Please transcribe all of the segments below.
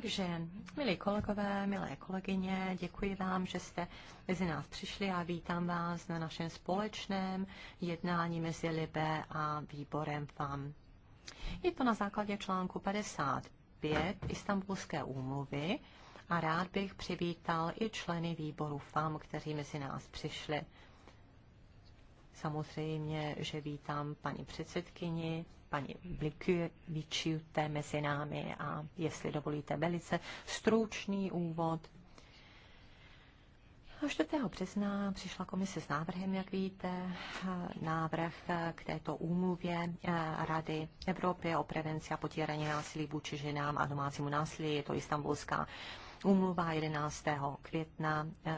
Takže, milí kolegové, milé kolegyně, děkuji vám, že jste mezi nás přišli a vítám vás na našem společném jednání mezi Libe a výborem FAM. Je to na základě článku 55 Istanbulské úmluvy a rád bych přivítal i členy výboru FAM, kteří mezi nás přišli. Samozřejmě, že vítám paní předsedkyni paní Blikvičiute mezi námi a jestli dovolíte velice stručný úvod. A 4. března přišla komise s návrhem, jak víte, návrh k této úmluvě eh, Rady Evropy o prevenci a potírání násilí vůči ženám a domácímu násilí. Je to istambulská úmluva 11. května eh,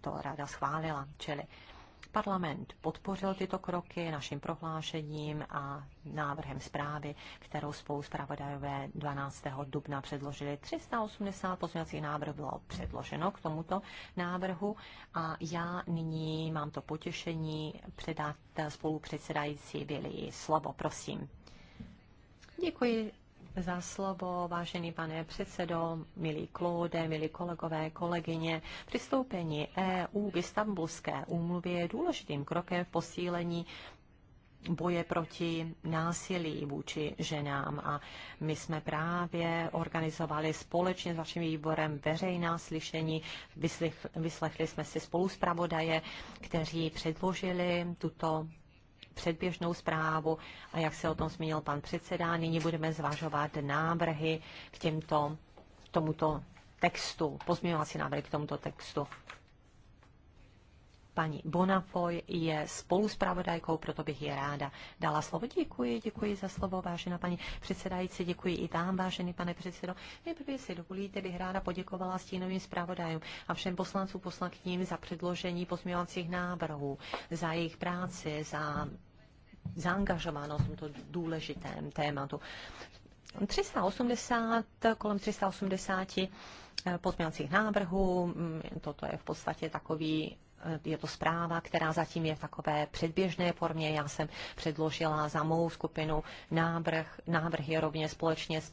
to rada schválila, čili Parlament podpořil tyto kroky naším prohlášením a návrhem zprávy, kterou spolu zpravodajové 12. dubna předložili. 380 pozměňovacích návrhů bylo předloženo k tomuto návrhu a já nyní mám to potěšení předat spolupředsedající Vili slovo. Prosím. Děkuji za slovo, vážený pane předsedo, milí Klóde, milí kolegové, kolegyně. Přistoupení EU k Istanbulské úmluvě je důležitým krokem v posílení boje proti násilí vůči ženám. A my jsme právě organizovali společně s vaším výborem veřejná slyšení. vyslechli jsme si spoluzpravodaje, kteří předložili tuto předběžnou zprávu a jak se o tom zmínil pan předseda, nyní budeme zvažovat návrhy k těmto, tomuto textu, pozměňovací návrhy k tomuto textu. Paní Bonafoy je spoluspravodajkou, proto bych je ráda dala slovo. Děkuji, děkuji za slovo, vážená paní předsedající, děkuji i vám, vážený pane předsedo. Nejprve, si dovolíte, bych ráda poděkovala stínovým zpravodajům a všem poslancům poslankyním za předložení pozměňovacích návrhů, za jejich práci, za zaangažovanost v tomto důležitém tématu. 380, kolem 380 eh, pozměňovacích návrhů. Mm, toto je v podstatě takový je to zpráva, která zatím je v takové předběžné formě. Já jsem předložila za mou skupinu návrh, návrhy rovně společně s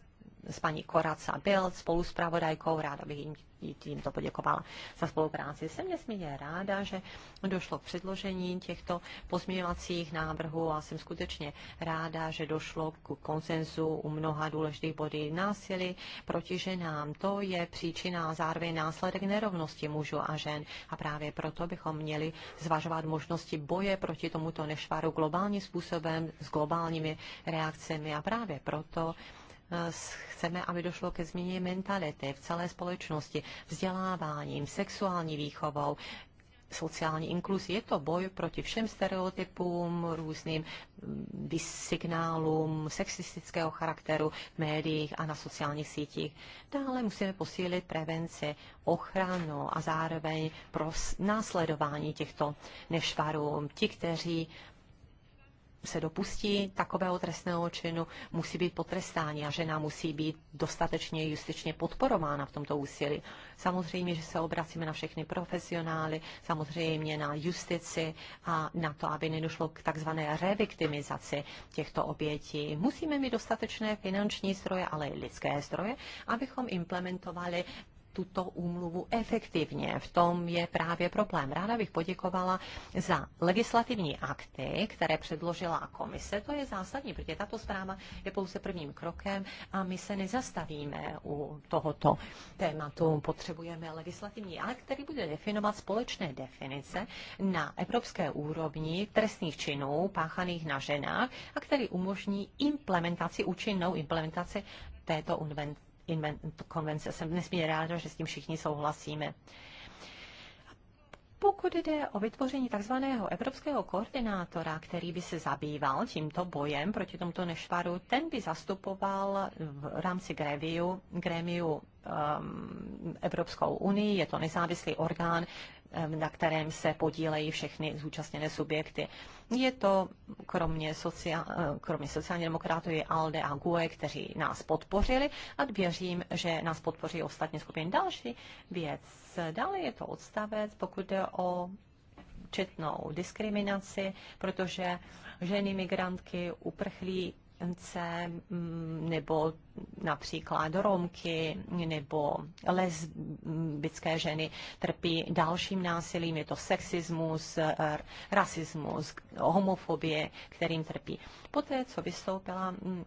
s paní Koraca byl spolu s pravodajkou. Ráda bych jim tímto poděkovala za spolupráci. Jsem nesmírně ráda, že došlo k předložení těchto pozměňovacích návrhů a jsem skutečně ráda, že došlo k konsenzu u mnoha důležitých bodů násilí proti ženám. To je příčina a zároveň následek nerovnosti mužů a žen a právě proto bychom měli zvažovat možnosti boje proti tomuto nešvaru globálním způsobem s globálními reakcemi a právě proto chceme, aby došlo ke změně mentality v celé společnosti, vzděláváním, sexuální výchovou, sociální inkluzí. Je to boj proti všem stereotypům, různým mm, signálům sexistického charakteru v médiích a na sociálních sítích. Dále musíme posílit prevenci, ochranu a zároveň pro následování těchto nešvarů. Ti, kteří se dopustí takového trestného činu, musí být potrestáni a žena musí být dostatečně justičně podporována v tomto úsilí. Samozřejmě, že se obracíme na všechny profesionály, samozřejmě na justici a na to, aby nedošlo k takzvané reviktimizaci těchto obětí. Musíme mít dostatečné finanční zdroje, ale i lidské zdroje, abychom implementovali tuto úmluvu efektivně. V tom je právě problém. Ráda bych poděkovala za legislativní akty, které předložila komise. To je zásadní, protože tato zpráva je pouze prvním krokem a my se nezastavíme u tohoto tématu. Potřebujeme legislativní akt, který bude definovat společné definice na evropské úrovni trestných činů páchaných na ženách a který umožní implementaci, účinnou implementaci této konvence. Jsem nesmírně ráda, že s tím všichni souhlasíme. Pokud jde o vytvoření takzvaného evropského koordinátora, který by se zabýval tímto bojem proti tomuto nešvaru, ten by zastupoval v rámci gréviu, grémiu um, Evropskou unii, je to nezávislý orgán, na kterém se podílejí všechny zúčastněné subjekty. Je to kromě, sociál, kromě sociální demokratů je ALDE a GUE, kteří nás podpořili a věřím, že nás podpoří ostatní skupiny. Další věc, dále je to odstavec, pokud jde o četnou diskriminaci, protože ženy migrantky, uprchlí, Romce mm, nebo například Romky nebo lesbické ženy trpí dalším násilím, je to sexismus, rasismus, homofobie, kterým trpí. Poté, co vystoupila mm,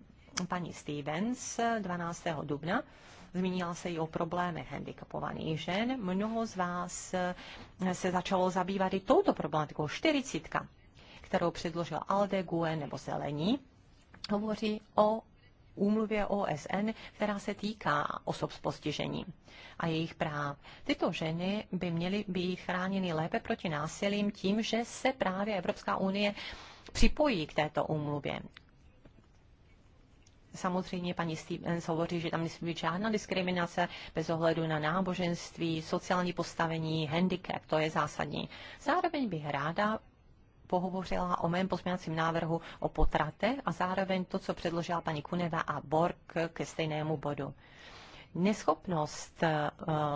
paní Stevens 12. dubna, Zmínila se i o problémech handicapovaných žen. Mnoho z vás eh, se začalo zabývat i touto problematikou. 40 kterou předložil ALDE, GUE nebo Zelení hovoří o úmluvě OSN, která se týká osob s postižením a jejich práv. Tyto ženy by měly být chráněny lépe proti násilím tím, že se právě Evropská unie připojí k této úmluvě. Samozřejmě paní Stevens hovoří, že tam nesmí být žádná diskriminace bez ohledu na náboženství, sociální postavení, handicap, to je zásadní. Zároveň bych ráda pohovořila o mém pozměňovacím návrhu o potrate a zároveň to, co předložila paní Kuneva a Borg ke stejnému bodu. Neschopnost eh,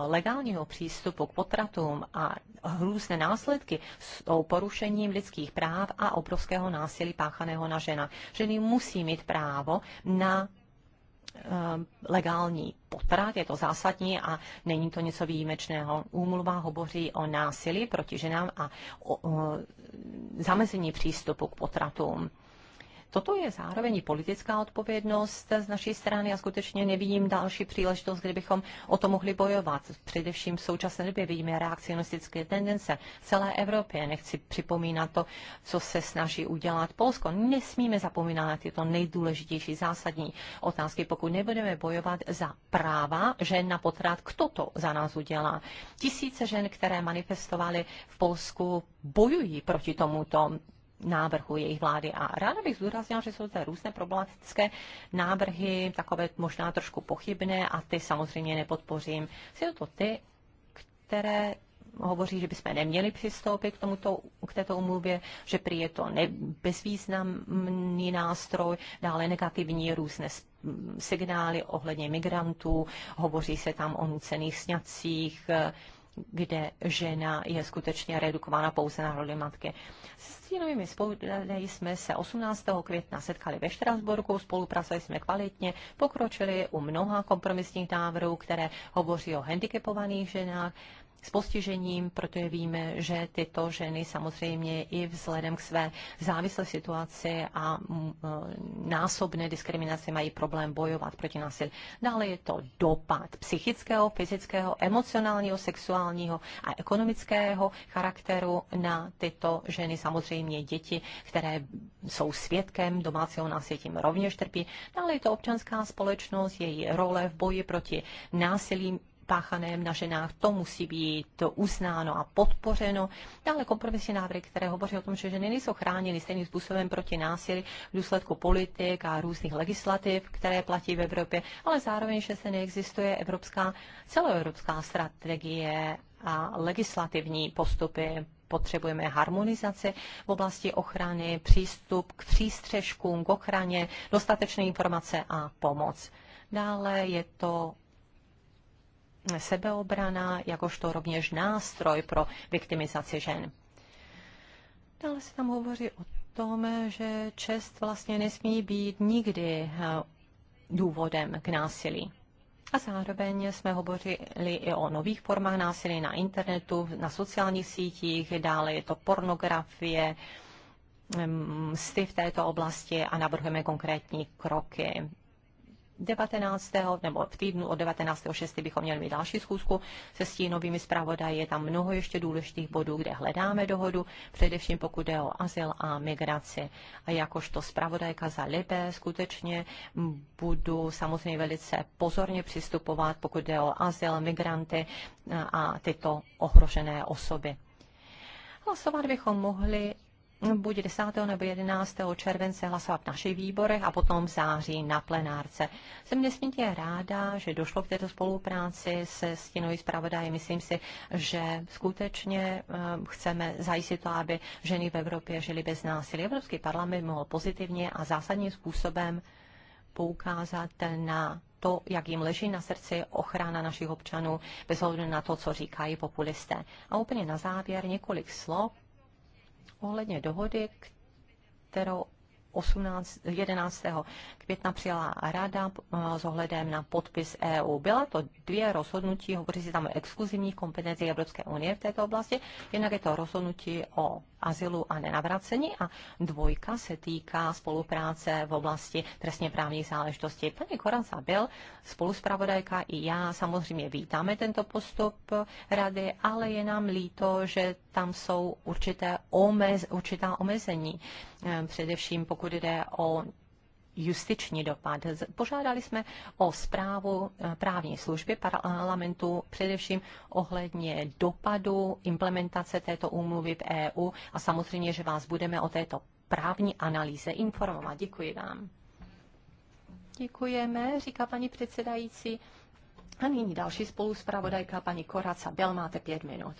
legálního přístupu k potratům a hrůzné následky jsou porušením lidských práv a obrovského násilí páchaného na žena. Ženy musí mít právo na Eh, legální potrat, je to zásadní a není to něco výjimečného. Úmluva hovoří o násilí proti ženám a o, o zamezení přístupu k potratům toto je zároveň politická odpovědnost z naší strany a skutečně nevidím další příležitost, kdybychom o to mohli bojovat. Především v současné době vidíme reakcionistické tendence v celé Evropě. Nechci připomínat to, co se snaží udělat Polsko. Nesmíme zapomínat na tyto nejdůležitější zásadní otázky, pokud nebudeme bojovat za práva žen na potrat. Kdo to za nás udělá? Tisíce žen, které manifestovaly v Polsku, bojují proti tomuto návrhu jejich vlády. A ráda bych zdůraznila, že jsou to různé problematické návrhy, takové možná trošku pochybné a ty samozřejmě nepodpořím. Jsou to ty, které hovoří, že bychom neměli přistoupit k, tomuto, k této umluvě, že prý je to ne, bezvýznamný nástroj, dále negativní různé signály ohledně migrantů, hovoří se tam o nucených sňacích, kde žena je skutečně redukována pouze na roli matky. S stínovými spoludeli jsme se 18. května setkali ve Štrasburku, spolupracovali jsme kvalitně, pokročili u mnoha kompromisních návrhů, které hovoří o handicapovaných ženách, s postižením, protože víme, že tyto ženy samozřejmě i vzhledem k své závislé situaci a mm, e, násobné diskriminaci mají problém bojovat proti násilí. Dále je to dopad psychického, fyzického, emocionálního, sexuálního a ekonomického charakteru na tyto ženy, samozřejmě děti, které jsou svědkem domácího násilí, tím rovněž trpí. Dále je to občanská společnost, její role v boji proti násilí páchaném na ženách, to musí být uznáno a podpořeno. Dále kompromisní návrhy, které hovoří o tom, že ženy nejsou chráněny stejným způsobem proti násilí v důsledku politik a různých legislativ, které platí v Evropě, ale zároveň, že se neexistuje evropská, celoevropská strategie a legislativní postupy potřebujeme harmonizaci v oblasti ochrany, přístup k přístřežkům, k ochraně, dostatečné informace a pomoc. Dále je to sebeobrana, jakožto rovněž nástroj pro viktimizaci žen. Dále se tam hovoří o tom, že čest vlastně nesmí být nikdy eh, důvodem k násilí. A zároveň jsme hovořili i o nových formách násilí na internetu, na sociálních sítích, dále je to pornografie, msty mm, v této oblasti a navrhujeme konkrétní kroky. 19. nebo v týdnu od 19.6. bychom měli mít další schůzku se stínovými zpravodaji. Je tam mnoho ještě důležitých bodů, kde hledáme dohodu, především pokud jde o azyl a migraci. A jakožto zpravodajka za Libé skutečně budu samozřejmě velice pozorně přistupovat, pokud jde o azyl, migranty a tyto ohrožené osoby. Hlasovat bychom mohli buď 10. nebo 11. července hlasovat v našich výborech a potom v září na plenárce. Jsem nesmírně ráda, že došlo k této spolupráci se stínovým zpravodajem. Myslím si, že skutečně eh, chceme zajistit to, aby ženy v Evropě žily bez násilí. Evropský parlament mohl pozitivně a zásadním způsobem poukázat na to, jak jim leží na srdci ochrana našich občanů, bez ohledu na to, co říkají populisté. A úplně na závěr několik slov ohledně dohody, kterou 18, 11. května přijala rada eh, s ohledem na podpis EU. Byla to dvě rozhodnutí, hovoří se tam o exkluzivních kompetencích Evropské unie v této oblasti, jednak je to rozhodnutí o azylu a nenavracení a dvojka se týká spolupráce v oblasti trestně právních záležitostí. Paní Koranca byl spoluspravodajka i já samozřejmě vítáme tento postup rady, ale je nám líto, že tam jsou určité omez, určitá omezení Eh, především pokud jde o justiční dopad. Požádali jsme o zprávu eh, právní služby parlamentu, především ohledně dopadu implementace této úmluvy v EU a samozřejmě, že vás budeme o této právní analýze informovat. Děkuji vám. Děkujeme, říká paní předsedající. A nyní další spoluspravodajka, paní Koraca Bel, máte pět minut.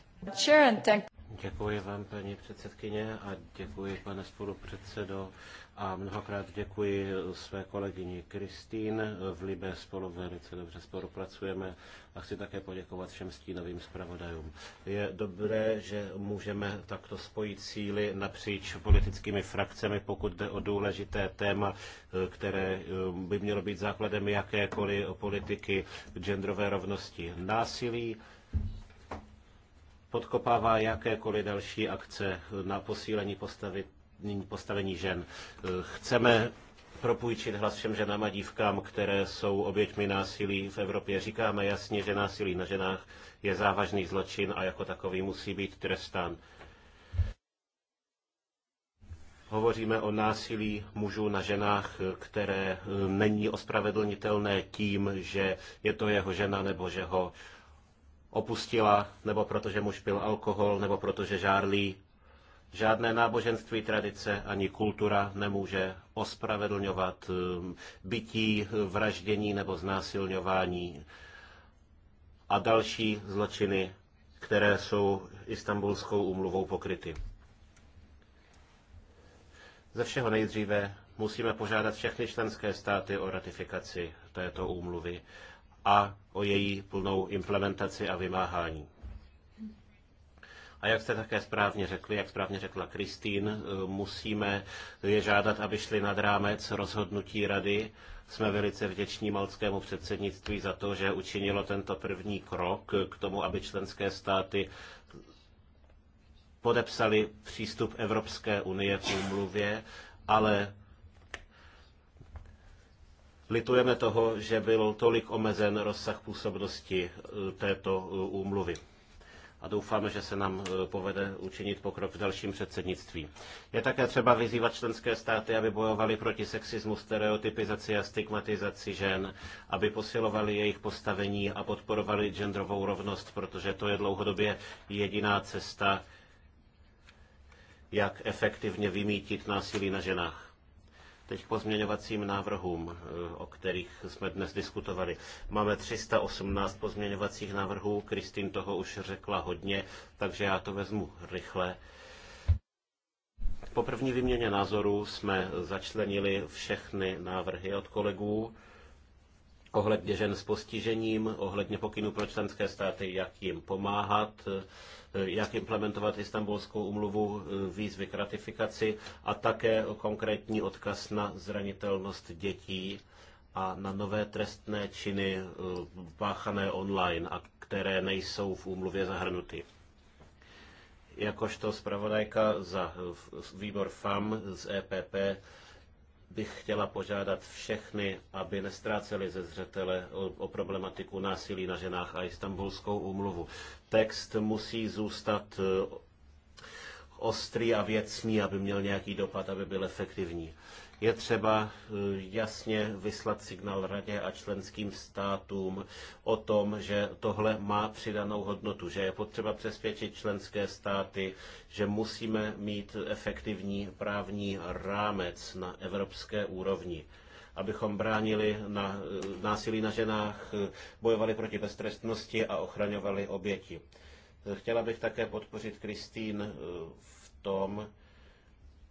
Děkuji vám, paní předsedkyně, a děkuji, pane spolupředsedo. A mnohokrát děkuji své kolegyni Kristýn. V Libé spolu velice dobře spolupracujeme a chci také poděkovat všem stínovým zpravodajům. Je dobré, že můžeme takto spojit síly napříč politickými frakcemi, pokud jde o důležité téma, které eh, by mělo být základem jakékoliv politiky genderové rovnosti. Násilí podkopává jakékoliv další akce na posílení postavení žen. Chceme propůjčit hlas všem ženám a dívkám, které jsou oběťmi násilí v Evropě. Říkáme jasně, že násilí na ženách je závažný zločin a jako takový musí být trestán. Hovoříme o násilí mužů na ženách, které není ospravedlnitelné tím, že je to jeho žena nebo že ho opustila, nebo protože muž pil alkohol, nebo protože žárlí. Žádné náboženství, tradice ani kultura nemůže ospravedlňovat um, bytí, vraždění nebo znásilňování a další zločiny, které jsou istambulskou umluvou pokryty. Ze všeho nejdříve musíme požádat všechny členské státy o ratifikaci této úmluvy a o její plnou implementaci a vymáhání. A jak jste také správně řekli, jak správně řekla Kristýn, eh, musíme je žádat, aby šli nad rámec rozhodnutí rady. Jsme velice vděční malckému předsednictví za to, že učinilo tento první krok k tomu, aby členské státy podepsali přístup Evropské unie k úmluvě, ale Litujeme toho, že byl tolik omezen rozsah působnosti eh, této eh, úmluvy a doufáme, že se nám eh, povede učinit pokrok v dalším předsednictví. Je také třeba vyzývat členské státy, aby bojovali proti sexismu, stereotypizaci a stigmatizaci žen, aby posilovali jejich postavení a podporovali genderovou rovnost, protože to je dlouhodobě jediná cesta, jak efektivně vymítit násilí na ženách. Teď k pozměňovacím návrhům, eh, o kterých jsme dnes diskutovali. Máme 318 pozměňovacích návrhů, Kristýn toho už řekla hodně, takže já to vezmu rychle. Po první výměně názorů jsme začlenili všechny návrhy od kolegů ohledně žen s postižením, ohledně pokynů pro členské státy, jak jim pomáhat, jak implementovat Istanbulskou umluvu, výzvy k ratifikaci a také konkrétní odkaz na zranitelnost dětí a na nové trestné činy eh, páchané online a které nejsou v úmluvě zahrnuty. Jakožto zpravodajka za eh, výbor FAM z EPP bych chtěla požádat všechny, aby nestráceli ze zřetele o problematiku násilí na ženách a istambulskou úmluvu. Text musí zůstat e, ostrý a věcný, aby měl nějaký dopad, aby byl efektivní. Je třeba eh, jasně vyslat signál radě a členským státům o tom, že tohle má přidanou hodnotu, že je potřeba přesvědčit členské státy, že musíme mít efektivní právní rámec na evropské úrovni abychom bránili na eh, násilí na ženách, eh, bojovali proti beztrestnosti a ochraňovali oběti. Chtěla bych také podpořit Kristýn v tom,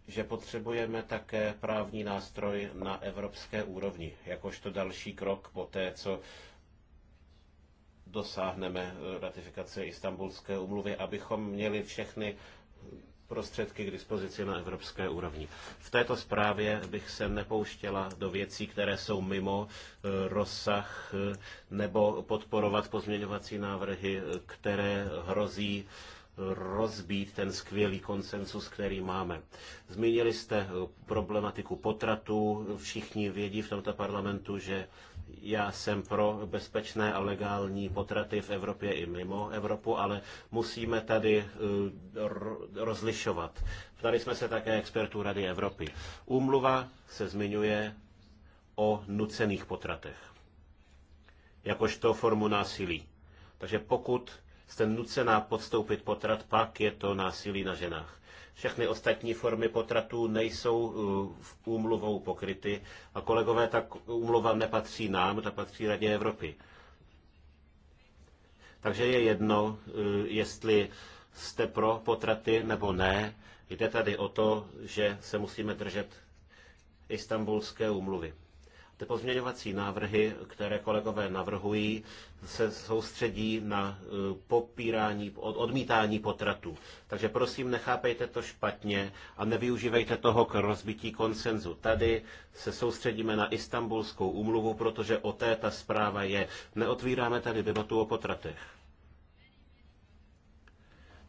že potřebujeme také právní nástroj na evropské úrovni, jakožto další krok po té, co dosáhneme eh, ratifikace Istanbulské umluvy, abychom měli všechny prostředky k dispozici na evropské úrovni. V této zprávě bych se nepouštěla do věcí, které jsou mimo eh, rozsah, eh, nebo podporovat pozměňovací návrhy, které hrozí rozbít ten skvělý konsensus, který máme. Zmínili jste eh, problematiku potratů. Všichni vědí v tomto parlamentu, že já jsem pro bezpečné a legální potraty v Evropě i mimo Evropu, ale musíme tady eh, rozlišovat. Ptali jsme se také expertů Rady Evropy. Úmluva se zmiňuje o nucených potratech jakožto formu násilí. Takže pokud jste nucená podstoupit potrat, pak je to násilí na ženách. Všechny ostatní formy potratů nejsou uh, v úmluvou pokryty a kolegové, tak úmluva nepatří nám, ta patří Radě Evropy. Takže je jedno, uh, jestli jste pro potraty nebo ne. Jde tady o to, že se musíme držet istambulské úmluvy. Ty pozměňovací návrhy, které kolegové navrhují, se soustředí na e, popírání, odmítání potratů. Takže prosím, nechápejte to špatně a nevyužívejte toho k rozbití konsenzu. Tady se soustředíme na istambulskou úmluvu, protože o té ta zpráva je. Neotvíráme tady debatu o potratech.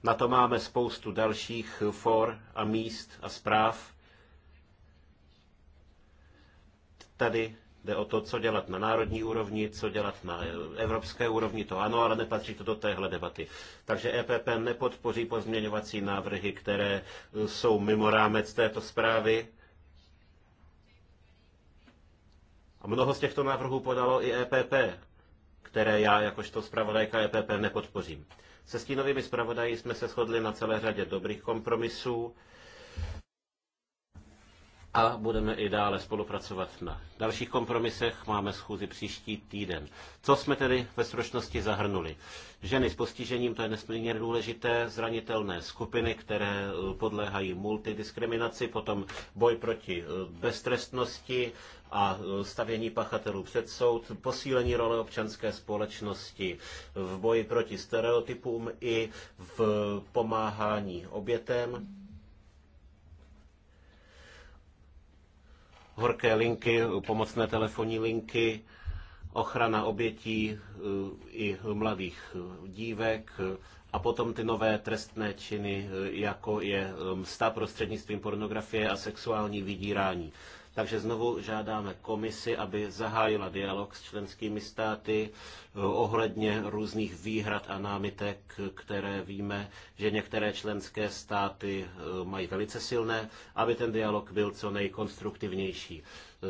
Na to máme spoustu dalších for a míst a zpráv, Tady jde o to, co dělat na národní úrovni, co dělat na evropské úrovni, to ano, ale nepatří to do téhle debaty. Takže EPP nepodpoří pozměňovací návrhy, které jsou mimo rámec této zprávy. A mnoho z těchto návrhů podalo i EPP, které já jakožto zpravodajka EPP nepodpořím. Se stínovými zpravodaji jsme se shodli na celé řadě dobrých kompromisů a budeme i dále spolupracovat na dalších kompromisech. Máme schůzi příští týden. Co jsme tedy ve stručnosti zahrnuli? Ženy s postižením, to je nesmírně důležité, zranitelné skupiny, které eh, podléhají multidiskriminaci, potom boj proti eh, beztrestnosti a eh, stavění pachatelů před soud, posílení role občanské společnosti v boji proti stereotypům i v pomáhání obětem horké linky, pomocné telefonní linky, ochrana obětí eh, i mladých eh, dívek eh, a potom ty nové trestné činy, jako je msta prostřednictvím pornografie a sexuální vydírání. Takže znovu žádáme komisi, aby zahájila dialog s členskými státy eh, ohledně různých výhrad a námitek, které víme, že některé členské státy eh, mají velice silné, aby ten dialog byl co nejkonstruktivnější.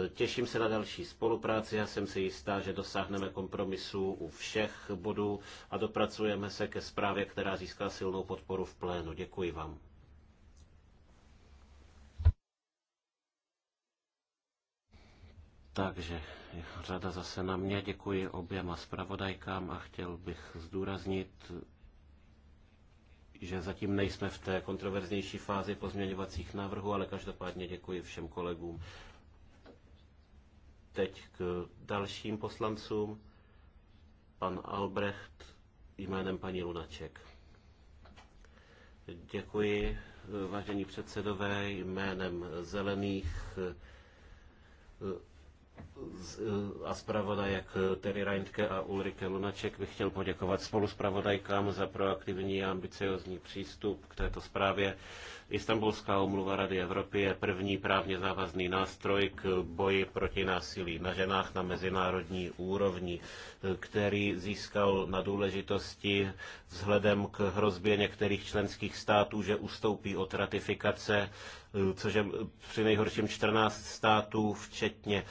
Eh, těším se na další spolupráci, já jsem si jistá, že dosáhneme kompromisu u všech bodů a dopracujeme se ke zprávě, která získá silnou podporu v plénu. Děkuji vám. Takže řada zase na mě. Děkuji oběma zpravodajkám a chtěl bych zdůraznit, že zatím nejsme v té kontroverznější fázi pozměňovacích návrhů, ale každopádně děkuji všem kolegům. Teď k dalším poslancům. Pan Albrecht jménem paní Lunaček. Děkuji, vážení předsedové, jménem zelených Eh, a zpravodajek eh, Terry Reintke a Ulrike Lunaček bych chtěl poděkovat spoluzpravodajkám za proaktivní a ambiciozní přístup k této zprávě. Istanbulská umluva Rady Evropy je první právně závazný nástroj k boji proti násilí na ženách na mezinárodní úrovni, eh, který získal na důležitosti vzhledem k hrozbě některých členských států, že ustoupí od ratifikace, což je při nejhorším 14 států, včetně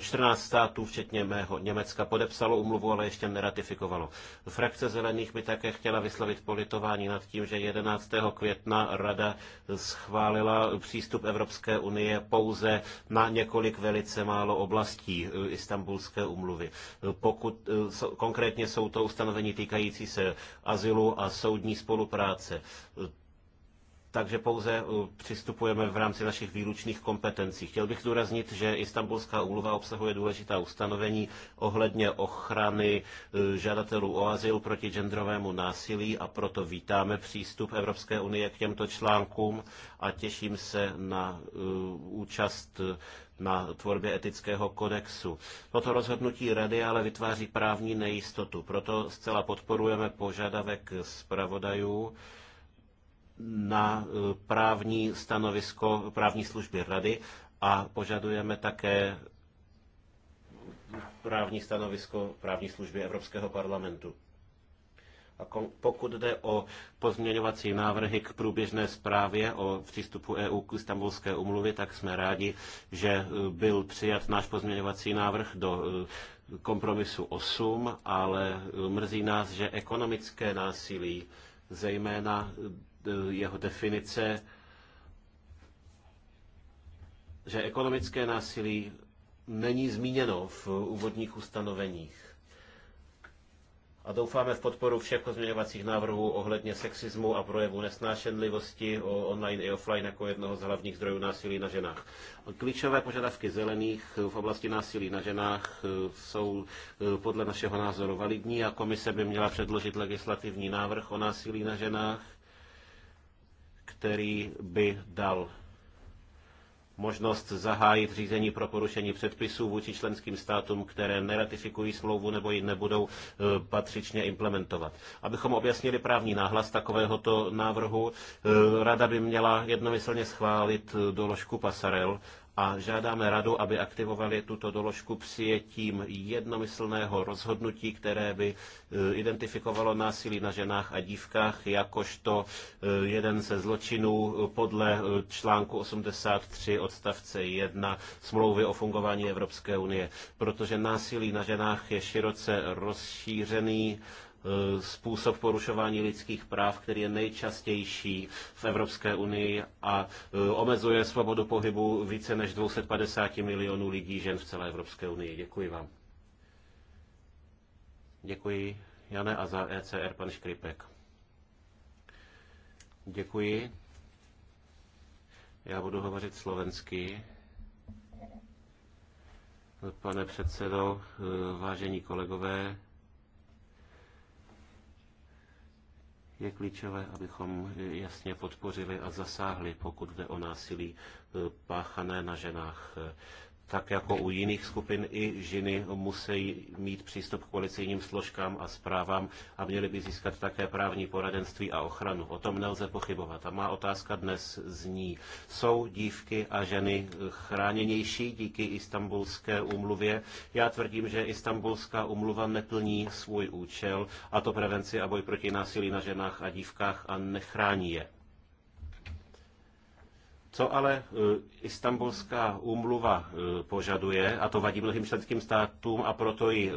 14 států, včetně mého Německa, podepsalo umluvu, ale ještě neratifikovalo. Frakce zelených by také chtěla vyslovit politování nad tím, že 11. května Rada schválila přístup Evropské unie pouze na několik velice málo oblastí e, Istanbulské umluvy. E, pokud, e, konkrétně jsou to ustanovení týkající se azylu a soudní spolupráce takže pouze uh, přistupujeme v rámci našich výlučných kompetencí. Chtěl bych zdůraznit, že Istanbulská úmluva obsahuje důležitá ustanovení ohledně ochrany uh, žadatelů o azyl proti genderovému násilí a proto vítáme přístup Evropské unie k těmto článkům a těším se na uh, účast na tvorbě etického kodexu. Toto rozhodnutí rady ale vytváří právní nejistotu, proto zcela podporujeme požadavek zpravodajů, na e, právní stanovisko právní služby rady a požadujeme také právní stanovisko právní služby Evropského parlamentu. A pokud jde o pozměňovací návrhy k průběžné zprávě o přístupu EU k Istanbulské umluvě, tak jsme rádi, že e, byl přijat náš pozměňovací návrh do e, kompromisu 8, ale mrzí nás, že ekonomické násilí, zejména Eh, jeho definice, že ekonomické násilí není zmíněno v úvodních ustanoveních. A doufáme v podporu všech pozměňovacích návrhů ohledně sexismu a projevu nesnášenlivosti online i offline jako jednoho z hlavních zdrojů násilí na ženách. Klíčové požadavky zelených v oblasti násilí na ženách eh, jsou eh, podle našeho názoru validní a komise by měla předložit legislativní návrh o násilí na ženách který by dal možnost zahájit řízení pro porušení předpisů vůči členským státům, které neratifikují smlouvu nebo ji nebudou e, patřičně implementovat. Abychom objasnili právní náhlas takovéhoto návrhu, e, Rada by měla jednomyslně schválit e, doložku Pasarel a žádáme radu, aby aktivovali tuto doložku přijetím jednomyslného rozhodnutí, které by eh, identifikovalo násilí na ženách a dívkách jakožto eh, jeden ze zločinů podle eh, článku 83 odstavce 1 smlouvy o fungování Evropské unie, protože násilí na ženách je široce rozšířený Eh, způsob porušování lidských práv, který je nejčastější v Evropské unii a eh, omezuje svobodu pohybu více než 250 milionů lidí žen v celé Evropské unii. Děkuji vám. Děkuji, Jane, a za ECR pan Škripek. Děkuji. Já budu hovořit slovensky. Pane předsedo, eh, vážení kolegové, je klíčové, abychom jasně podpořili a zasáhli, pokud jde o násilí eh, páchané na ženách tak jako u jiných skupin i ženy musí mít přístup k policejním složkám a zprávám a měly by získat také právní poradenství a ochranu. O tom nelze pochybovat. A má otázka dnes zní, jsou dívky a ženy chráněnější díky istambulské umluvě? Já tvrdím, že istambulská umluva neplní svůj účel, a to prevenci a boj proti násilí na ženách a dívkách a nechrání je. Co ale e, Istanbulská úmluva e, požaduje, a to vadí mnohým členským státům a proto ji e,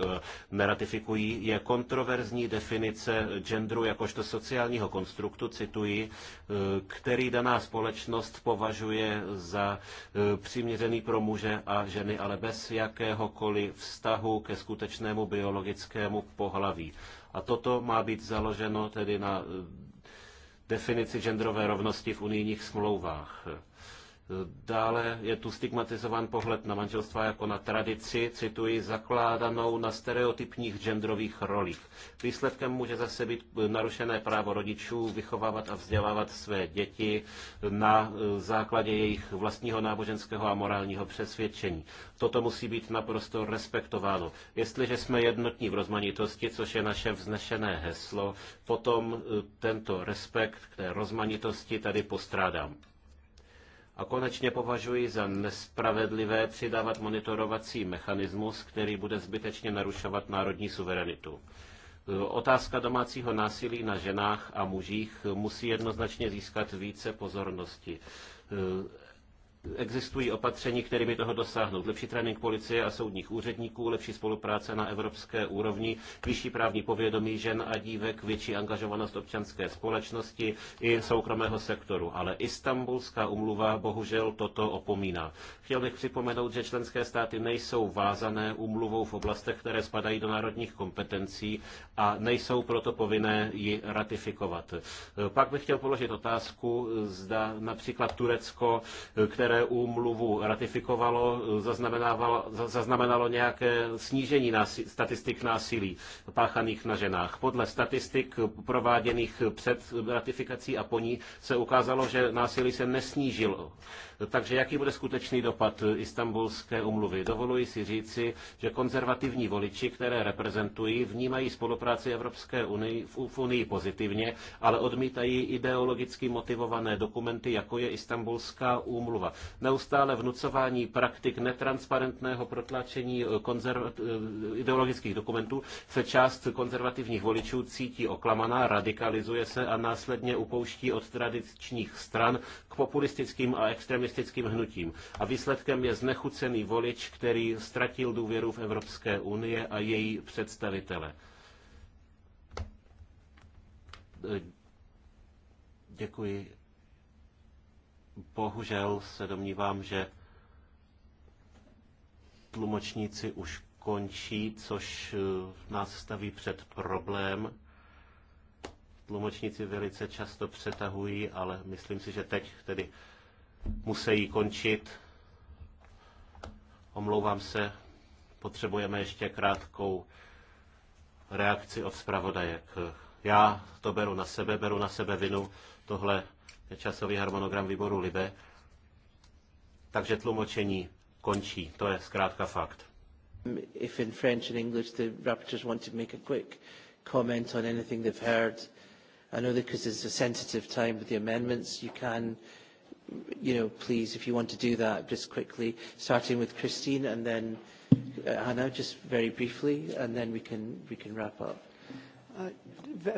neratifikují, je kontroverzní definice genderu jakožto sociálního konstruktu, cituji, který daná společnost považuje za přiměřený pro muže a ženy, ale bez jakéhokoliv vztahu ke skutečnému biologickému pohlaví. A toto má být založeno tedy na definici genderové rovnosti v unijních smlouvách. Dále je tu stigmatizován pohled na manželstva jako na tradici, cituji, zakládanou na stereotypních genderových rolích. Výsledkem může zase být narušené právo rodičů vychovávat a vzdělávat své děti na základě jejich vlastního náboženského a morálního přesvědčení. Toto musí být naprosto respektováno. Jestliže jsme jednotní v rozmanitosti, což je naše vznešené heslo, potom e, tento respekt k té rozmanitosti tady postrádám. A konečně považuji za nespravedlivé přidávat monitorovací mechanismus, který bude zbytečně narušovat národní suverenitu. Otázka domácího násilí na ženách a mužích musí jednoznačně získat více pozornosti existují opatření, kterými toho dosáhnout. Lepší trénink policie a soudních úředníků, lepší spolupráce na evropské úrovni, vyšší právní povědomí žen a dívek, větší angažovanost občanské společnosti i soukromého sektoru. Ale Istanbulská umluva bohužel toto opomíná. Chtěl bych připomenout, že členské státy nejsou vázané umluvou v oblastech, které spadají do národních kompetencí a nejsou proto povinné ji ratifikovat. Pak bych chtěl položit otázku, zda například Turecko, které které úmluvu ratifikovalo, zaznamenalo nějaké snížení násil, statistik násilí páchaných na ženách. Podle statistik prováděných před ratifikací a po ní se ukázalo, že násilí se nesnížilo. Takže jaký bude skutečný dopad istambulské umluvy? Dovoluji si říci, že konzervativní voliči, které reprezentují, vnímají spolupráci Evropské unii v unii pozitivně, ale odmítají ideologicky motivované dokumenty, jako je istambulská úmluva neustále vnucování praktik netransparentného protlačení konzerv... ideologických dokumentů se část konzervativních voličů cítí oklamaná, radikalizuje se a následně upouští od tradičních stran k populistickým a extremistickým hnutím. A výsledkem je znechucený volič, který ztratil důvěru v Evropské unie a její představitele. Děkuji bohužel se domnívám, že tlumočníci už končí, což eh, nás staví před problém. Tlumočníci velice často přetahují, ale myslím si, že teď tedy musí končit. Omlouvám se, potřebujeme ještě krátkou reakci od zpravodajek. Já to beru na sebe, beru na sebe vinu. Tohle časový harmonogram výboru Libe. Takže tlumočení končí. To je zkrátka fakt. Um, if in French and English the rapporteurs want to make a quick comment on anything they've heard, I know that because it's a sensitive time with the amendments, you can, you know, please, if you want to do that, just quickly, starting with Christine and then uh, Hannah, just very briefly, and then we can, we can wrap up. Uh,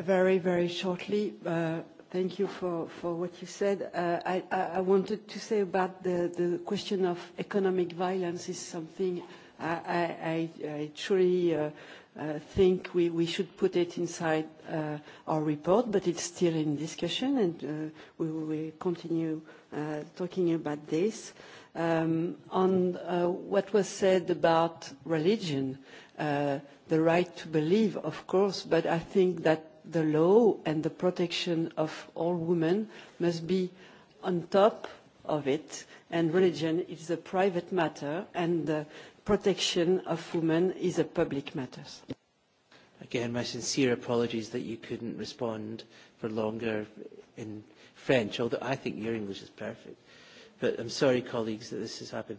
very, very shortly. Uh, Thank you for, for what you said. Uh, I, I wanted to say about the, the question of economic violence is something I, I, I truly uh, uh, think we, we should put it inside uh, our report, but it's still in discussion, and uh, we will continue uh, talking about this. Um, on uh, what was said about religion, the right to believe, of course, but I think that the law and the protection of all women must be on top of it, and religion is a private matter, and the protection of women is a public matter. Again, my sincere apologies that you couldn't respond for longer in French, although I think your English is perfect. But I'm sorry, colleagues, that this has happened.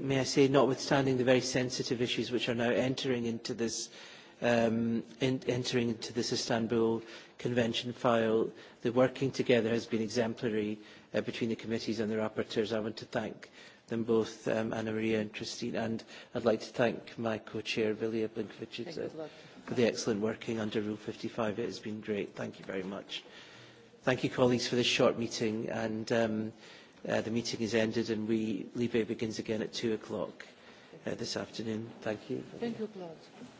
may I say, notwithstanding the very sensitive issues which are now entering into this, um, in, entering into this Istanbul Convention file, the working together has been exemplary uh, between the committees and the rapporteurs. I want to thank them both, um, Anna Maria and Christine, and I'd like to thank my co-chair, Vilja uh, for the excellent working under Rule 55. It has been great. Thank you very much. Thank you, colleagues, for this short meeting. and. Um, Uh, the meeting is ended and we, it begins again at two o'clock uh, this afternoon. Thank you. Thank you, Claude.